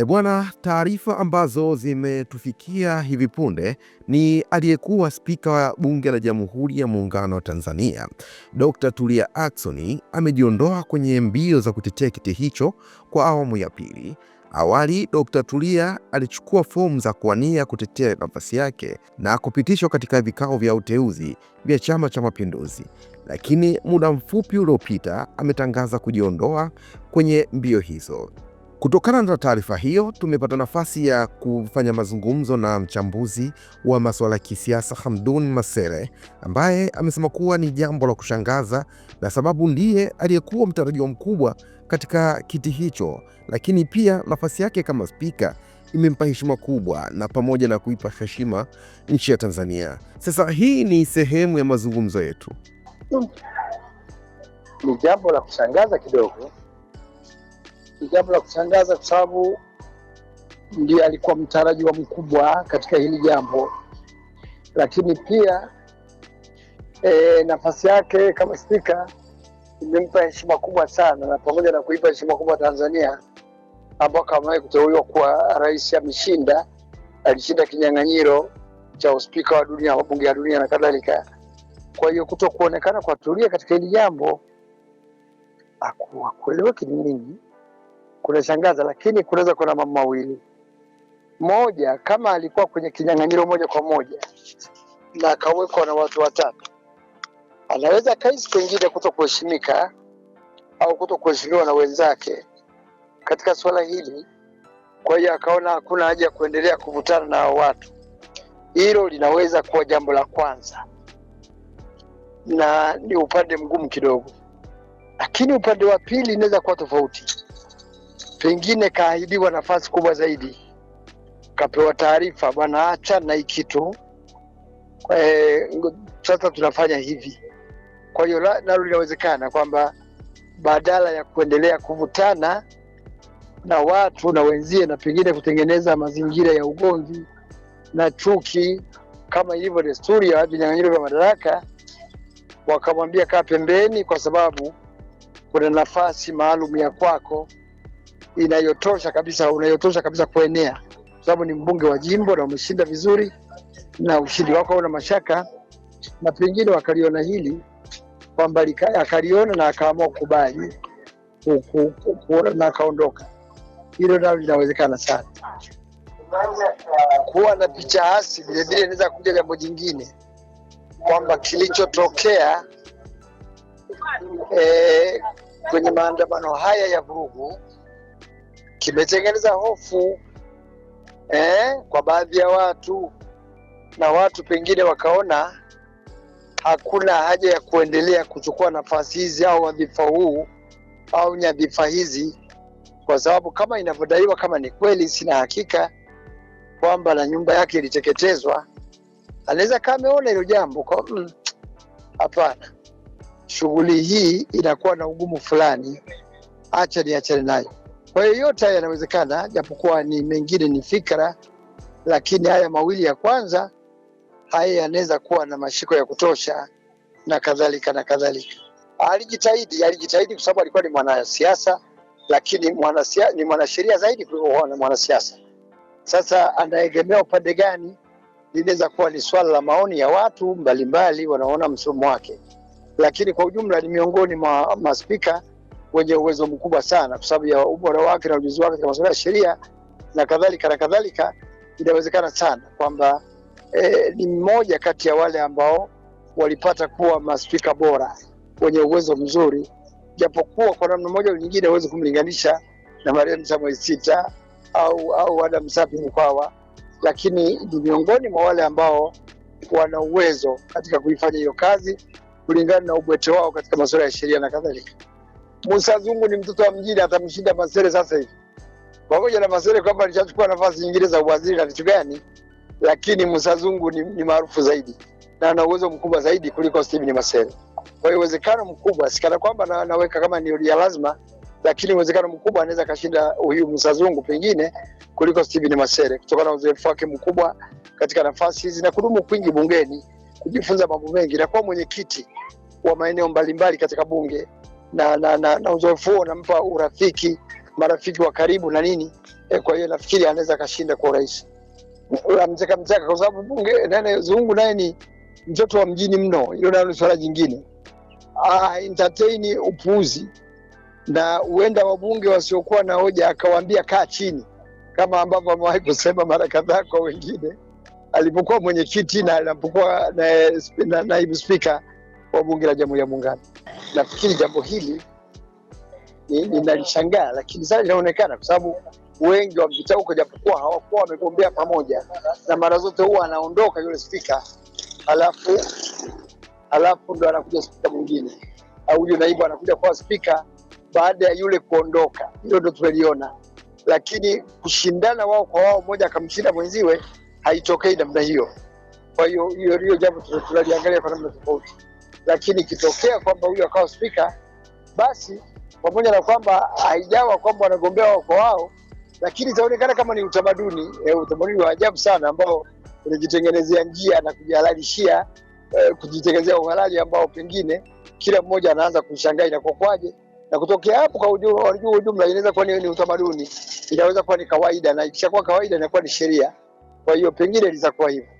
E bwana, taarifa ambazo zimetufikia hivi punde ni aliyekuwa spika wa bunge la Jamhuri ya Muungano wa Tanzania Dr. Tulia Ackson amejiondoa kwenye mbio za kutetea kiti hicho kwa awamu ya pili. Awali Dr. Tulia alichukua fomu za kuwania kutetea nafasi yake na kupitishwa katika vikao vya uteuzi vya Chama cha Mapinduzi, lakini muda mfupi uliopita ametangaza kujiondoa kwenye mbio hizo. Kutokana na taarifa hiyo, tumepata nafasi ya kufanya mazungumzo na mchambuzi wa masuala ya kisiasa Hamdun Masere, ambaye amesema kuwa ni jambo la kushangaza na sababu ndiye aliyekuwa mtarajiwa mkubwa katika kiti hicho, lakini pia nafasi yake kama spika imempa heshima kubwa na pamoja na kuipa heshima nchi ya Tanzania. Sasa hii ni sehemu ya mazungumzo yetu. Ni jambo la kushangaza kidogo ni jambo la kushangaza kwa sababu ndiye alikuwa mtarajiwa mkubwa katika hili jambo, lakini pia e, nafasi yake kama spika imempa heshima kubwa sana, na pamoja na kuipa heshima kubwa Tanzania ambao kama kuteuliwa kuwa rais ameshinda, alishinda kinyang'anyiro cha uspika wa dunia wa bunge la dunia na kadhalika. Kwa hiyo kuto kuonekana kwa Tulia katika hili jambo hakueleweki ni nini kunashangaza, lakini kunaweza kuwa na mambo mawili. Moja, kama alikuwa kwenye kinyang'anyiro moja kwa moja na akawekwa na watu watatu, anaweza kaisi pengine kuto kuheshimika au kuto kuheshimiwa na wenzake katika suala hili. Kwa hiyo akaona hakuna haja ya kuendelea kuvutana na hao watu. Hilo linaweza kuwa jambo la kwanza, na ni upande mgumu kidogo, lakini upande wa pili inaweza kuwa tofauti pengine kaahidiwa nafasi kubwa zaidi, kapewa taarifa, bwana, acha na hii kitu e, sasa tunafanya hivi. Kwa hiyo nalo linawezekana kwamba badala ya kuendelea kuvutana na watu na wenzie na pengine kutengeneza mazingira ya ugomvi na chuki kama ilivyo desturi ya vinyang'anyiro vya madaraka, wakamwambia kaa pembeni, kwa sababu kuna nafasi maalum ya kwako inayotosha kabisa, unayotosha kabisa kuenea, kwa sababu ni mbunge wa jimbo na umeshinda vizuri na ushindi wako una mashaka, na pengine wakaliona hili kwamba akaliona na akaamua kukubali na akaondoka. Hilo nalo linawezekana sana. Kuwa na picha hasi vilevile inaweza kuja jambo jingine kwamba kilichotokea e, kwenye maandamano haya ya vurugu kimetengeneza hofu eh, kwa baadhi ya watu na watu pengine wakaona hakuna haja ya kuendelea kuchukua nafasi hizi au wadhifa huu au nyadhifa hizi, kwa sababu kama inavyodaiwa, kama ni kweli, sina hakika kwamba na nyumba yake iliteketezwa, anaweza kaa ameona hilo jambo kwa mm, hapana, mm, shughuli hii inakuwa na ugumu fulani, acha niachane nayo. Kwa hiyo yote haya yanawezekana, japokuwa ni mengine ni fikra, lakini haya mawili ya kwanza haya yanaweza kuwa na mashiko ya kutosha na kadhalika na kadhalika. Alijitahidi, alijitahidi kwa sababu alikuwa ni mwanasiasa, lakini mwanasia, ni mwanasheria zaidi kuliko mwanasiasa. Sasa anaegemea upande gani linaweza kuwa ni swala la maoni ya watu mbalimbali wanaona msomo wake, lakini kwa ujumla ni miongoni mwa maspika wenye uwezo mkubwa sana kwa sababu ya ubora wake na ujuzi wake katika masuala ya sheria na kadhalika na kadhalika. Inawezekana sana kwamba e, ni mmoja kati ya wale ambao walipata kuwa maspika bora wenye uwezo mzuri, japokuwa kwa namna moja au nyingine huwezi kumlinganisha na Mariam Samuel Sita au, au Adam Sapi Mkwawa, lakini ni miongoni mwa wale ambao wana uwezo katika kuifanya hiyo kazi kulingana na ubwete wao katika masuala ya sheria na kadhalika. Musa Zungu ni mtoto wa mjini, atamshinda Masele sasa hivi, pamoja na Masele kwamba alishachukua nafasi nyingine za uwaziri na vitu gani, lakini Musa Zungu ni, ni maarufu zaidi na ana uwezo mkubwa zaidi kuliko Steven Masele. Kwa hiyo uwezekano mkubwa sikana kwamba na, naweka kama ni ya lazima, lakini uwezekano mkubwa anaweza akashinda huyu Musa Zungu pengine kuliko Steven Masele kutokana na uzoefu wake mkubwa katika nafasi hizi na kudumu kwingi bungeni, kujifunza mambo mengi na kuwa mwenyekiti wa maeneo mbalimbali katika bunge na, na, na, na uzoefu huo unampa urafiki, marafiki wa karibu na nini e, kwa hiyo nafikiri anaweza akashinda kwa urahisi mchaka mchaka, kwa sababu bunge nene Zungu naye ni mtoto wa mjini mno. Hilo nalo ni swala jingine, entertain upuuzi na huenda wabunge wasiokuwa na hoja akawaambia kaa chini, kama ambavyo amewahi kusema mara kadhaa kwa wengine alipokuwa mwenyekiti na alipokuwa naibu spika na, na, na, na, na, na, na, na, wa Bunge la Jamhuri ya Muungano. Nafikiri jambo hili ninalishangaa, lakini sasa inaonekana kwa sababu wengi wa vita huko, japokuwa hawakuwa wamegombea pamoja, na mara zote huwa anaondoka yule spika, halafu halafu ndo anakuja spika mwingine au yule naibu anakuja kwa spika baada ya yule kuondoka. Hilo ndo tumeliona, lakini kushindana wao kwa wao, mmoja akamshinda mwenziwe, haitokei namna hiyo. Kwa hiyo hiyo hiyo jambo tunaliangalia kwa namna tofauti lakini ikitokea kwamba huyu akawa spika, basi pamoja na kwamba haijawa kwamba wanagombea wako wao, lakini itaonekana kama ni utamaduni e, utamaduni wa ajabu sana ambao unajitengenezea njia na kujihalalishia e, kujitengenezea uhalali ambao pengine kila mmoja anaanza kushangaa inakokwaje na kutokea hapo kwa ujumla, inaweza kuwa ni utamaduni, inaweza kuwa ni kawaida, na ikishakuwa kawaida inakuwa ni sheria. Kwa hiyo pengine litakuwa hivyo.